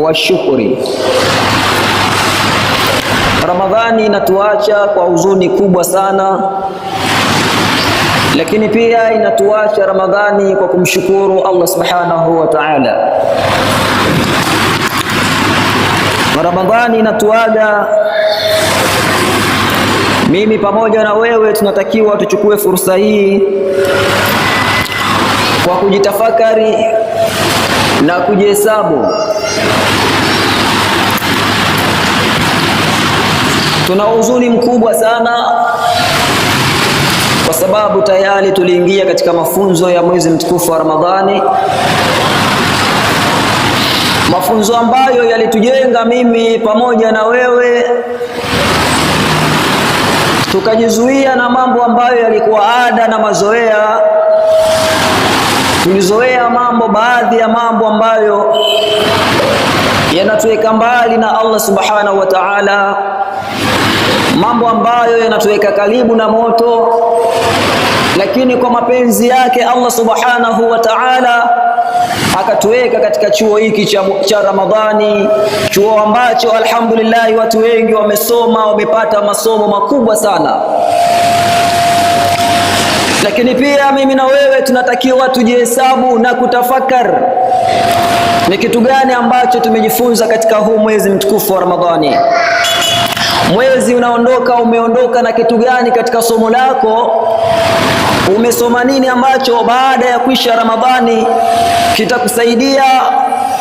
wa shukuri. Ramadhani inatuacha kwa huzuni kubwa sana, lakini pia inatuacha Ramadhani kwa kumshukuru Allah subhanahu wa ta'ala. Ramadhani inatuaga mimi pamoja na wewe, tunatakiwa tuchukue fursa hii kwa kujitafakari na kujihesabu Tuna huzuni mkubwa sana kwa sababu tayari tuliingia katika mafunzo ya mwezi mtukufu wa Ramadhani, mafunzo ambayo yalitujenga mimi pamoja na wewe, tukajizuia na mambo ambayo yalikuwa ada na mazoea. Tulizoea mambo, baadhi ya mambo ambayo yanatuweka mbali na Allah subhanahu wa ta'ala mambo ambayo yanatuweka karibu na moto, lakini kwa mapenzi yake Allah subhanahu wa ta'ala akatuweka katika chuo hiki cha, cha Ramadhani, chuo ambacho alhamdulillah watu wengi wamesoma, wamepata masomo makubwa sana lakini pia mimi na wewe tunatakiwa tujihesabu na kutafakar ni kitu gani ambacho tumejifunza katika huu mwezi mtukufu wa Ramadhani. Mwezi unaondoka umeondoka na kitu gani katika somo lako? Umesoma nini ambacho baada ya kuisha Ramadhani kitakusaidia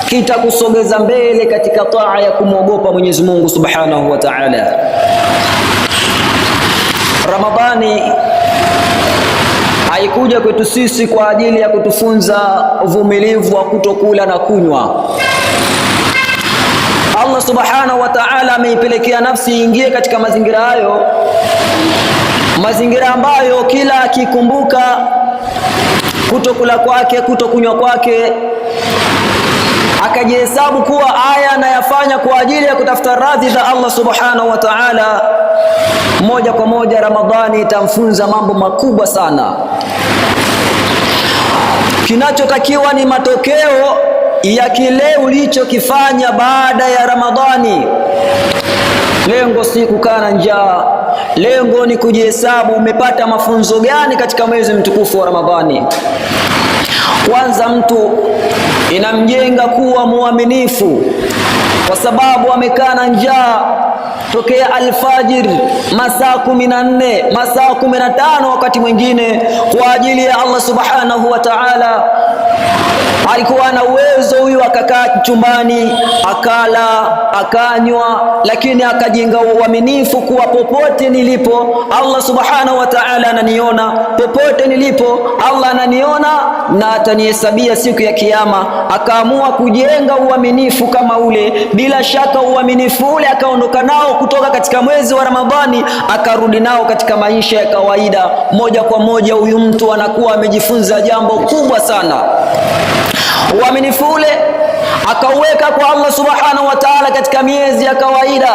kitakusogeza mbele katika taa ya kumwogopa Mwenyezi Mungu Subhanahu wa Ta'ala. Ramadhani haikuja kwetu sisi kwa ajili ya kutufunza uvumilivu wa kutokula na kunywa Allah subhanahu wa ta'ala ameipelekea nafsi iingie katika mazingira hayo, mazingira ambayo kila akikumbuka kutokula kwake, kutokunywa kwake, akajihesabu kuwa aya anayafanya kwa ajili ya kutafuta radhi za Allah subhanahu wa ta'ala, moja kwa moja Ramadhani itamfunza mambo makubwa sana. Kinachotakiwa ni matokeo ya kile ulichokifanya baada ya Ramadhani. Lengo si kukaa na njaa, lengo ni kujihesabu umepata mafunzo gani katika mwezi mtukufu wa Ramadhani. Kwanza, mtu inamjenga kuwa muaminifu, kwa sababu amekaa na njaa tokea alfajir masaa kumi na nne masaa kumi na tano wakati mwingine kwa ajili ya Allah subhanahu wa ta'ala alikuwa na uwezo huyu, akakaa chumbani akala akanywa, lakini akajenga uaminifu kuwa popote nilipo Allah subhanahu wa ta'ala ananiona, popote nilipo Allah ananiona na atanihesabia siku ya Kiyama. Akaamua kujenga uaminifu kama ule. Bila shaka uaminifu ule akaondoka nao kutoka katika mwezi wa Ramadhani, akarudi nao katika maisha ya kawaida. Moja kwa moja, huyu mtu anakuwa amejifunza jambo kubwa sana. Uaminifu ule akauweka kwa Allah subhanahu wa ta'ala katika miezi ya kawaida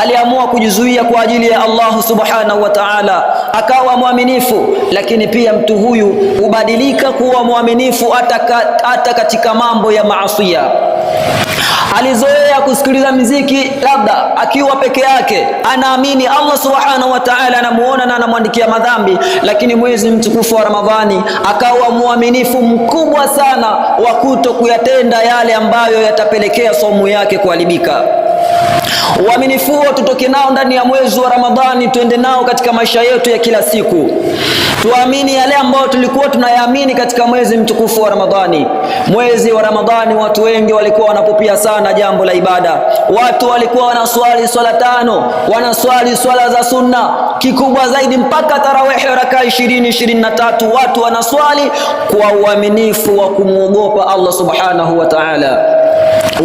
aliamua kujizuia kwa ajili ya Allah subhanahu wa ta'ala, akawa mwaminifu. Lakini pia mtu huyu hubadilika kuwa mwaminifu hata katika mambo ya maasiya alizoea kusikiliza miziki labda akiwa peke yake, anaamini Allah subhanahu wa ta'ala anamuona na anamwandikia madhambi, lakini mwezi mtukufu wa Ramadhani akawa mwaminifu mkubwa sana wa kuto kuyatenda yale ambayo yatapelekea somu yake kuharibika uaminifu huo tutoke nao ndani ya mwezi wa Ramadhani, tuende nao katika maisha yetu ya kila siku, tuamini yale ambayo tulikuwa tunayaamini katika mwezi mtukufu wa Ramadhani. Mwezi wa Ramadhani watu wengi walikuwa wanapopia sana jambo la ibada, watu walikuwa wanaswali swala tano, wanaswali swala za sunna, kikubwa zaidi mpaka tarawehe rakaa ishirini ishirini na tatu watu wanaswali kwa uaminifu wa kumwogopa Allah subhanahu wa ta'ala.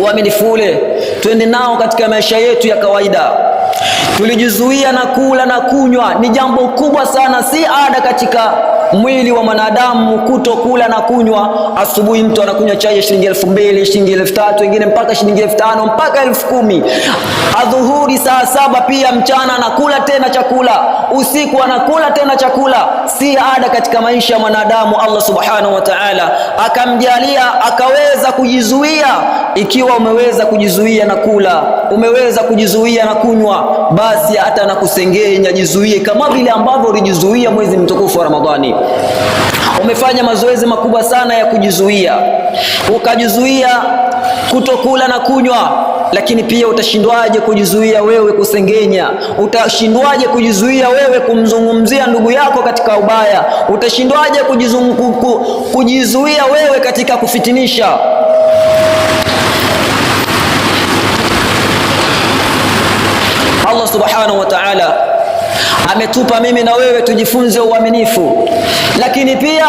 Uaminifu ule twende nao katika maisha yetu ya kawaida. Tulijizuia na kula na kunywa, ni jambo kubwa sana, si ada katika mwili wa mwanadamu kuto kula na kunywa. Asubuhi mtu anakunywa chai ya shilingi elfu mbili shilingi elfu tatu wengine mpaka shilingi elfu tano mpaka elfu kumi Adhuhuri saa saba pia mchana anakula tena chakula, usiku anakula tena chakula si ada katika maisha ya mwanadamu. Allah subhanahu wa ta'ala akamjalia akaweza kujizuia. Ikiwa umeweza kujizuia na kula, umeweza kujizuia na kunywa, basi hata na kusengenya jizuie, kama vile ambavyo ulijizuia mwezi mtukufu wa Ramadhani. Umefanya mazoezi makubwa sana ya kujizuia, ukajizuia kutokula na kunywa lakini pia utashindwaje kujizuia wewe kusengenya? Utashindwaje kujizuia wewe kumzungumzia ndugu yako katika ubaya? Utashindwaje kujizuia wewe katika kufitinisha? Allah subhanahu wa ta'ala ametupa mimi na wewe tujifunze uaminifu, lakini pia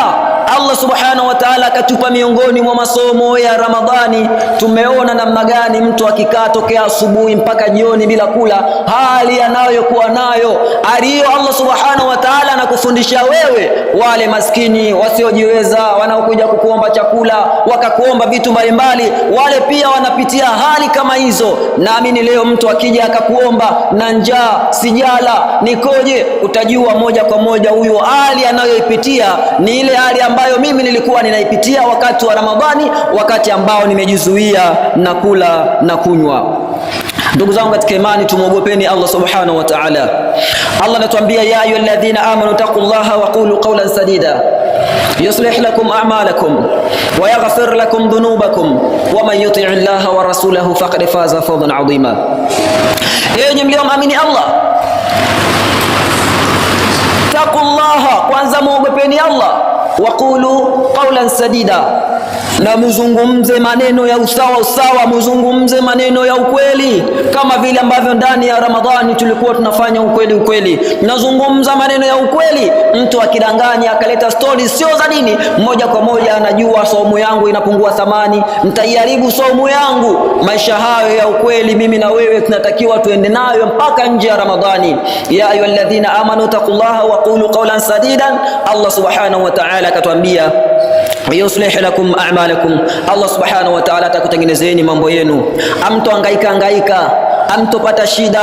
Allah subhanahu wa ta'ala akatupa miongoni mwa masomo ya Ramadhani. Tumeona namna gani mtu akikaa tokea asubuhi mpaka jioni bila kula, hali anayokuwa nayo aliyo Allah subhanahu wa ta'ala anakufundisha wewe, wale maskini wasiojiweza wanaokuja kukuomba chakula wakakuomba vitu mbalimbali, wale pia wanapitia hali kama hizo. Naamini leo mtu akija akakuomba na njaa sijala nikoje, utajua moja kwa moja huyo hali anayoipitia ni ile hali ambayo ambayo mimi nilikuwa ninaipitia wakati wa Ramadhani, wakati ambao nimejizuia na kula na kunywa. Ndugu zangu katika imani, tumwogopeni Allah subhanahu wa ta'ala. Allah anatuambia ya ayu alladhina amanu taqullaha wa qulu qawlan sadida yuslih lakum a'malakum wa yaghfir lakum dhunubakum wa man yuti' Allah wa rasulahu faqad faza fawzan 'azima. Enyi ee mlioamini Allah, taqullaha, kwanza muogopeni Allah waqulu qawlan sadida, na muzungumze maneno ya usawa usawa, muzungumze maneno ya ukweli, kama vile ambavyo ndani ya Ramadhani tulikuwa tunafanya ukweli ukweli, nazungumza maneno ya ukweli. Mtu akidanganya akaleta stori sio za dini, moja kwa moja anajua saumu yangu inapungua thamani, ntaiharibu saumu yangu. Maisha hayo ya ukweli, mimi na wewe tunatakiwa tuende nayo mpaka nje ya Ramadhani. Ya ayuha alladhina amanu taqullaha waqulu qawlan sadida Allah subhanahu wa ta'ala akatwambia yuslih lakum a'malakum, Allah subhanahu wa ta'ala atakutengenezeni mambo yenu. Amtoangaika angaika amtopata shida,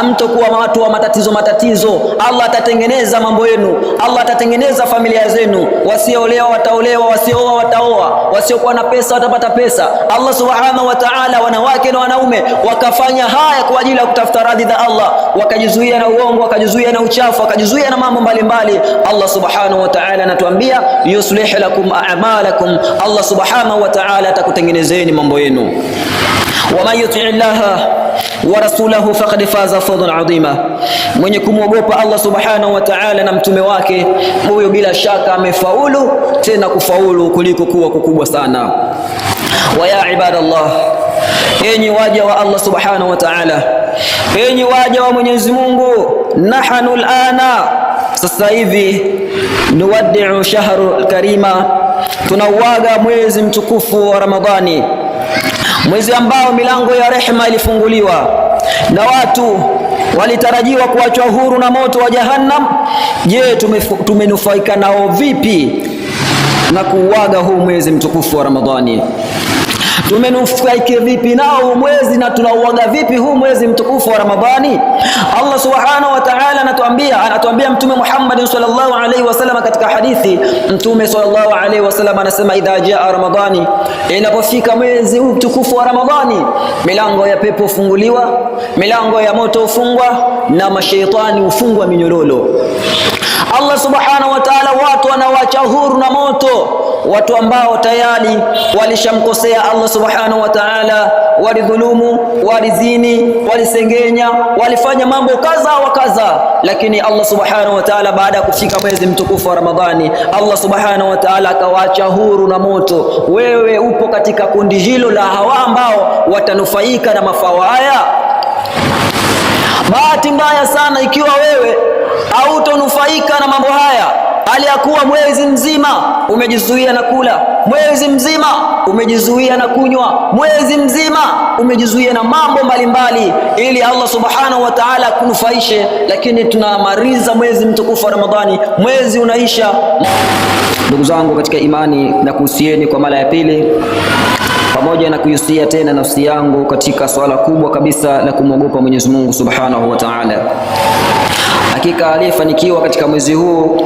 amtokuwa watu wa matatizo matatizo. Allah atatengeneza mambo yenu, Allah atatengeneza familia zenu. Wasioolewa wataolewa, wasiooa wataoa, wasiokuwa na pesa watapata pesa. Allah subhanahu wa ta'ala, wanawake na wanaume wakafanya haya kwa ajili ya kutafuta radhi za Allah, wakajizuia na uongo, wakajizuia na uchafu, wakajizuia na mambo mbalimbali. Allah subhanahu wa ta'ala anatuambia yuslih lakum a'malakum, Allah subhanahu wa ta'ala atakutengenezeni mambo yenu. wa yuti wa rasulahu faqad faza fawzan adhima, mwenye kumwogopa Allah subhanahu wa ta'ala na mtume wake, huyo bila shaka amefaulu, tena kufaulu kuliko kuwa kukubwa sana. Wa ya ibadallah, enyi waja wa Allah subhanahu wa ta'ala, enyi waja wa Mwenyezi Mungu, nahnu alana, sasa hivi nuwaddiu shahru alkarima, tunauaga mwezi mtukufu wa Ramadhani mwezi ambao milango ya rehema ilifunguliwa na watu walitarajiwa kuachwa huru na moto wa Jahannam. Je, tumenufaika nao vipi na kuuaga huu mwezi mtukufu wa Ramadhani? tumenufurahikia vipi nao huu mwezi na tunauaga vipi huu mwezi mtukufu wa Ramadhani. Allah subhanahu wa ta'ala anatuambia anatuambia Mtume Muhammad sallallahu alaihi wasallam katika hadithi, Mtume sallallahu alaihi wasallam anasema, idha jaa Ramadhani, inapofika mwezi huu mtukufu wa Ramadhani, milango ya pepo hufunguliwa, milango ya moto hufungwa na mashaitani hufungwa minyororo. Allah subhanahu wa ta'ala watu wanawacha huru na moto, watu ambao tayari walishamkosea Allah subhanahu wa ta'ala, walidhulumu, walizini, walisengenya, walifanya mambo kadha wa kadha, lakini Allah subhanahu wa ta'ala baada ya kufika mwezi mtukufu wa Ramadhani, Allah subhanahu wa ta'ala akawaacha huru na moto. Wewe upo katika kundi hilo la hawa ambao watanufaika na mafao haya. Bahati mbaya sana ikiwa wewe hautonufaika na mambo haya, hali ya kuwa mwezi mzima umejizuia na kula, mwezi mzima umejizuia na kunywa, mwezi mzima umejizuia na mambo mbalimbali, ili Allah subhanahu wa ta'ala akunufaishe, lakini tunamaliza mwezi mtukufu wa Ramadhani, mwezi unaisha. Ndugu zangu katika imani, na kuhusieni kwa mara ya pili pamoja na kuhusia tena nafsi yangu katika swala kubwa kabisa la kumwogopa Mwenyezi Mungu subhanahu wa ta'ala. Hakika aliyefanikiwa katika mwezi huu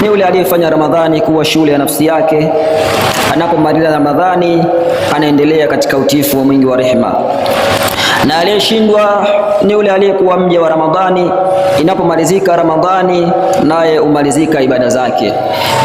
ni yule aliyefanya Ramadhani kuwa shule ya nafsi yake. Anapomaliza Ramadhani, anaendelea katika utiifu wa mwingi wa rehema na aliyeshindwa ni yule aliyekuwa mja wa Ramadhani. Inapomalizika Ramadhani, naye umalizika ibada zake.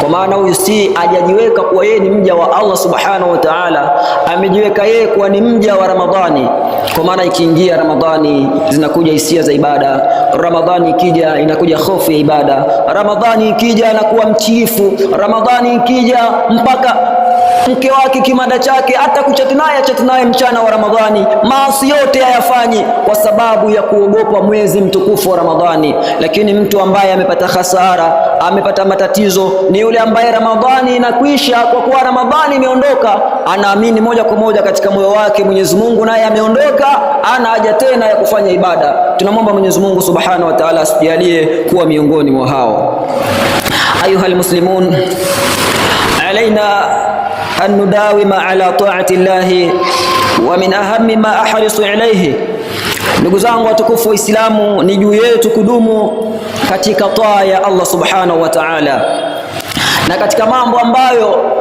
Kwa maana huyu si ajajiweka kuwa yeye ni mja wa Allah subhanahu wa ta'ala, amejiweka yeye kuwa ni mja wa Ramadhani. Kwa maana ikiingia Ramadhani zinakuja hisia za ibada, Ramadhani ikija inakuja hofu ya ibada, Ramadhani ikija anakuwa mtiifu, Ramadhani ikija mpaka mke wake kimada chake, hata kuchati naye achati naye mchana wa Ramadhani. Maasi yote hayafanyi kwa sababu ya kuogopa mwezi mtukufu wa Ramadhani. Lakini mtu ambaye amepata hasara, amepata matatizo, ni yule ambaye Ramadhani inakwisha. Kwa kuwa Ramadhani imeondoka, anaamini moja kwa moja katika moyo wake Mwenyezi Mungu naye ameondoka, ana haja tena ya kufanya ibada. Tunamwomba Mwenyezi Mungu Subhanahu wa Ta'ala asijalie kuwa miongoni mwa hao. Ayuha almuslimun alaina nudawima نداوم taati llahi wa min ahami ma ahrisu عليه Ndugu zangu watukufu Waislamu, ni juu yetu kudumu katika taa ya Allah subhanahu wa ta'ala, na katika mambo ambayo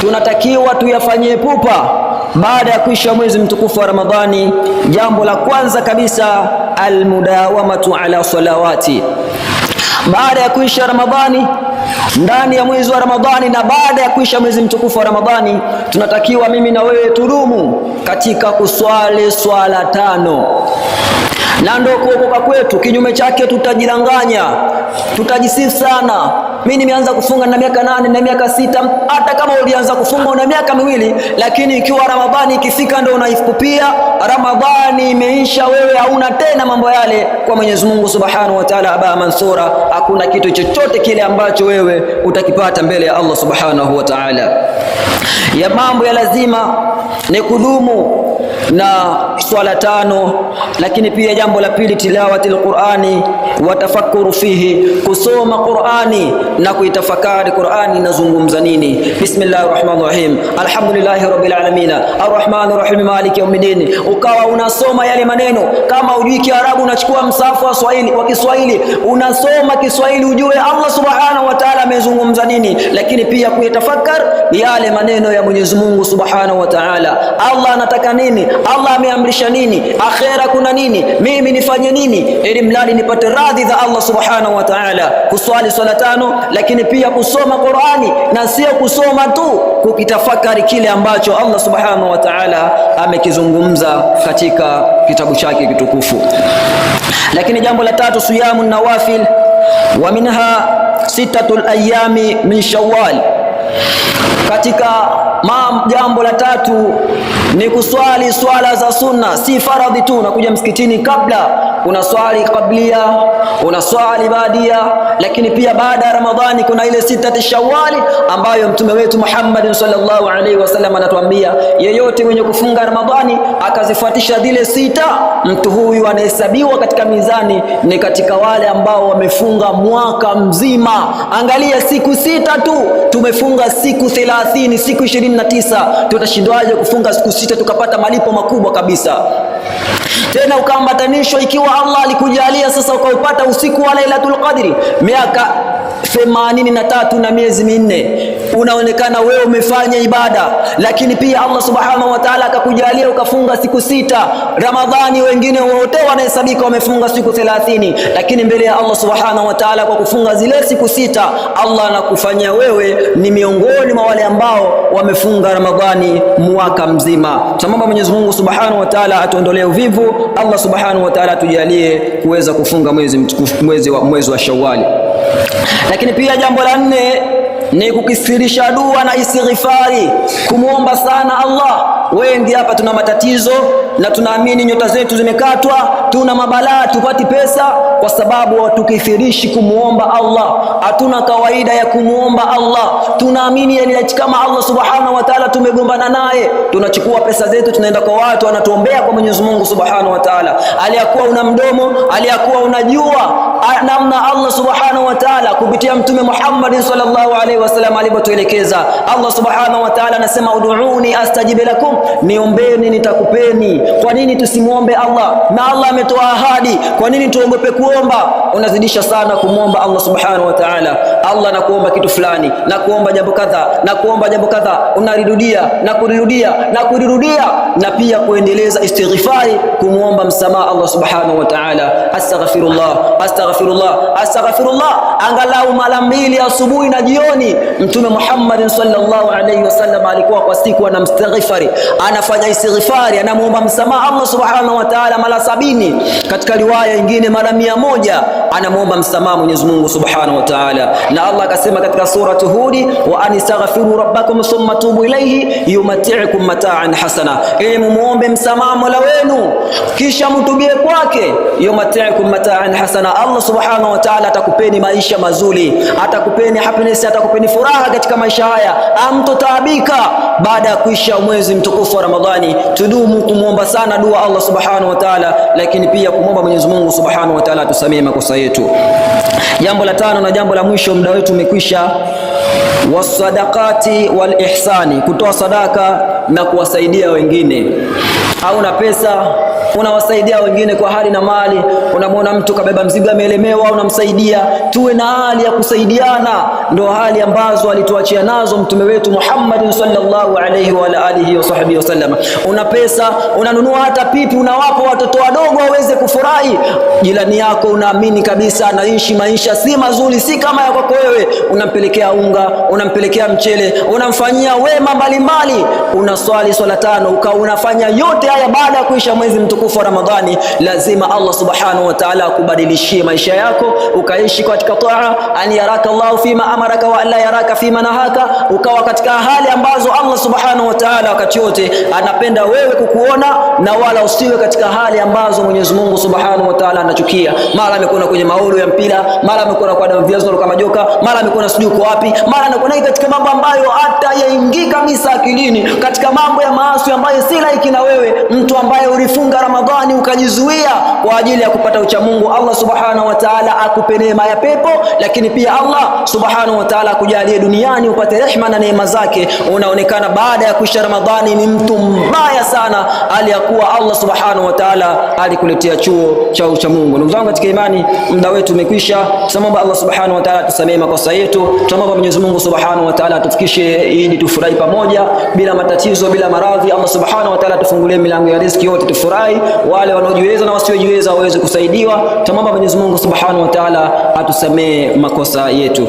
tunatakiwa tuyafanye pupa baada ya kuisha mwezi mtukufu wa Ramadhani, jambo la kwanza kabisa almudawamatu ala salawati. Baada ya kuisha Ramadhani ndani ya mwezi wa Ramadhani na baada ya kuisha mwezi mtukufu wa Ramadhani, tunatakiwa mimi na wewe tudumu katika kuswali swala tano na ndio kuokoka kwetu. Kinyume chake tutajidanganya, tutajisifu sana, mimi nimeanza kufunga na miaka nane na miaka sita. Hata kama ulianza kufunga una miaka miwili, lakini ikiwa Ramadhani ikifika ndio unaifupia, Ramadhani imeisha, wewe hauna tena mambo yale kwa Mwenyezi Mungu Subhanahu wa Ta'ala. Aba Mansura, hakuna kitu chochote kile ambacho wewe utakipata mbele ya Allah Subhanahu wa Ta'ala. Ya mambo ya lazima ni kudumu na swala tano, lakini pia jambo la pili, tilawati alqurani wa fihi, kusoma Qurani na kuitafakari Qurani inazungumza nini. Bismillahir rahmanir rahim, alhamdulillahi rabbil alamin arrahmanir rahim maliki yawmiddin. Ukawa unasoma yale maneno, kama ujui Kiarabu unachukua msafu wa Swahili wa Kiswahili unasoma Kiswahili ujue Allah subhanahu wa ta'ala amezungumza nini, lakini pia kuyatafakar yale maneno ya Mwenyezi Mungu subhanahu wa ta'ala. Allah anataka nini? Allah ameamrisha nini? Akhera kuna nini? mimi nifanye nini ili mradi nipate radhi za Allah subhanahu wa ta'ala? Kuswali swala tano, lakini pia kusoma Qur'ani na sio kusoma tu, kukitafakari kile ambacho Allah subhanahu wa ta'ala amekizungumza katika kitabu chake kitukufu. Lakini jambo la tatu, siyamu nawafil wa minha sitatu alayami min Shawwal katika Ma, jambo la tatu ni kuswali swala za sunna, si faradhi tu. Unakuja msikitini kabla, kuna swali kablia, kuna swali baadia, lakini pia baada ya Ramadhani kuna ile sita Shawali ambayo mtume wetu Muhammad sallallahu alaihi wasallam anatuambia, yeyote mwenye kufunga Ramadhani akazifuatisha zile sita, mtu huyu anahesabiwa katika mizani ni katika wale ambao wamefunga mwaka mzima. Angalia, siku sita tu tumefunga siku 30 siku 20 ishirini na tisa tutashindwaje kufunga siku sita tukapata malipo makubwa kabisa tena ukaambatanishwa ikiwa Allah alikujalia sasa ukaupata usiku wa Lailatul Qadri miaka themanini na tatu na miezi minne, unaonekana wewe umefanya ibada, lakini pia Allah subhanahu wa ta'ala akakujalia ukafunga siku sita Ramadhani. Wengine wote wanahesabika wamefunga siku thelathini, lakini mbele ya Allah subhanahu wa ta'ala kwa kufunga zile siku sita, Allah anakufanya wewe ni miongoni mwa wale ambao wamefunga Ramadhani mwaka mzima. Tunaomba Mwenyezi Mungu subhanahu wa ta'ala atuondolee uvivu. Allah subhanahu wa ta'ala atujalie kuweza kufunga mwezi mwezi wa, mwezi wa lakini pia jambo la nne ni kukisirisha dua na istighfari, kumwomba sana Allah. Wengi hapa tuna matatizo na tunaamini nyota zetu zimekatwa, tuna mabalaa, tupati pesa kwa sababu hatukithirishi kumwomba Allah. Hatuna kawaida ya kumwomba Allah, tunaamini yaliachi kama Allah subhanahu wa ta'ala tumegombana naye, tunachukua pesa zetu tunaenda kwa watu, anatuombea kwa Mwenyezi Mungu subhanahu wa ta'ala, aliyakuwa una mdomo, aliyakuwa una jua namna Allah subhanahu wa ta'ala kupitia mtume Muhammad sallallahu alaihi wasallam alivyotuelekeza. Allah subhanahu wa ta'ala anasema ud'uuni astajib lakum, niombeni nitakupeni. Kwa nini tusimwombe Allah na Allah ametoa ahadi? Kwa nini tuogope kuomba? Unazidisha sana kumwomba Allah subhanahu wa ta'ala. Allah nakuomba kitu fulani, nakuomba jambo na nakuomba jambo kadha unarirudia na kurirudia na kurirudia, na pia kuendeleza istighfari, kumwomba msamaha Allah subhanahu wa ta'ala. astaghfirullah astaghfirullah astaghfirullah, astaghfirullah angalau mara mbili asubuhi na jioni. Mtume Muhammad sallallahu alaihi wasallam alikuwa kwa siku anamstaghfari, anafanya istighfari, anamuomba msamaha Allah subhanahu wa ta'ala mara sabini, katika riwaya nyingine mara mia moja anamuomba msamaha Mwenyezi Mungu subhanahu wa ta'ala. Na Allah akasema katika sura Hudi, wa anistaghfiru rabbakum thumma tubu ilayhi yumati'ukum mataan hasana, ili ee mumuombe msamaha mola wenu kisha mtubie kwake. Yumati'ukum mataan hasana Allah subhanahu wa ta'ala atakupeni maisha mazuri, atakupeni happiness, atakupeni furaha katika maisha haya, amtotaabika. Baada ya kuisha mwezi mtukufu wa Ramadhani, tudumu kumwomba sana dua Allah subhanahu wa ta'ala, lakini pia kumwomba Mwenyezi Mungu subhanahu wa ta'ala tusamee makosa yetu. Jambo la tano na jambo la mwisho, muda wetu umekwisha. wasadaqati wal ihsani, kutoa sadaka na kuwasaidia wengine. Hauna pesa unawasaidia wengine kwa hali na mali. Unamwona mtu kabeba mzigo amelemewa, unamsaidia. Tuwe na hali ya kusaidiana, ndo hali ambazo alituachia nazo mtume wetu Muhammad sallallahu alayhi wa alihi wa sahbihi wasallam. Una pesa unanunua hata pipi, unawapa watoto wadogo waweze kufurahi. Jirani yako unaamini kabisa anaishi maisha si mazuri, si kama ya kwako wewe, unampelekea unga, unampelekea mchele, unamfanyia wema mbalimbali, unaswali swala tano, ukawa unafanya yote haya baada ya kuisha mwezi mtukufu mtukufu wa Ramadhani, lazima Allah subhanahu wa ta'ala akubadilishie maisha yako, ukaishi katika taa, an yaraka Allah fima amaraka wa alla yaraka fima nahaka, ukawa katika hali ambazo Allah subhanahu wa ta'ala wakati wote anapenda wewe kukuona, na wala usiwe katika hali ambazo Mwenyezi Mungu subhanahu wa ta'ala anachukia. Mara amekuona kwenye maulu ya mpira, mara amekuona kwa damu viazo kama joka, mara amekuona sijui uko wapi, mara anakuona katika mambo ambayo hata yaingii kabisa akilini, katika mambo ya maasi ambayo si laiki na wewe, mtu ambaye ulifunga Ramadhani ukajizuia kwa ajili ya kupata uchamungu, Allah subhanahu wa ta'ala akupe neema ya pepo, lakini pia Allah subhanahu wa ta'ala akujalie duniani upate rehma na neema zake. Unaonekana baada ya kuisha Ramadhani ni mtu mbaya sana, hali ya kuwa Allah subhanahu wa ta'ala alikuletea chuo cha uchamungu. Ndugu zangu katika imani, muda wetu umekwisha. Tunaomba Allah subhanahu wa ta'ala atusamee makosa yetu. Tunaomba Mwenyezi Mungu subhanahu wa ta'ala atufikishe Eid tufurahi pamoja bila matatizo, bila maradhi. Allah subhanahu wa ta'ala tufungulie milango ya riziki yote tufurahi wale wanaojiweza na wasiojiweza waweze kusaidiwa. Tumwomba Mwenyezi Mungu Subhanahu wa Ta'ala atusamee makosa yetu.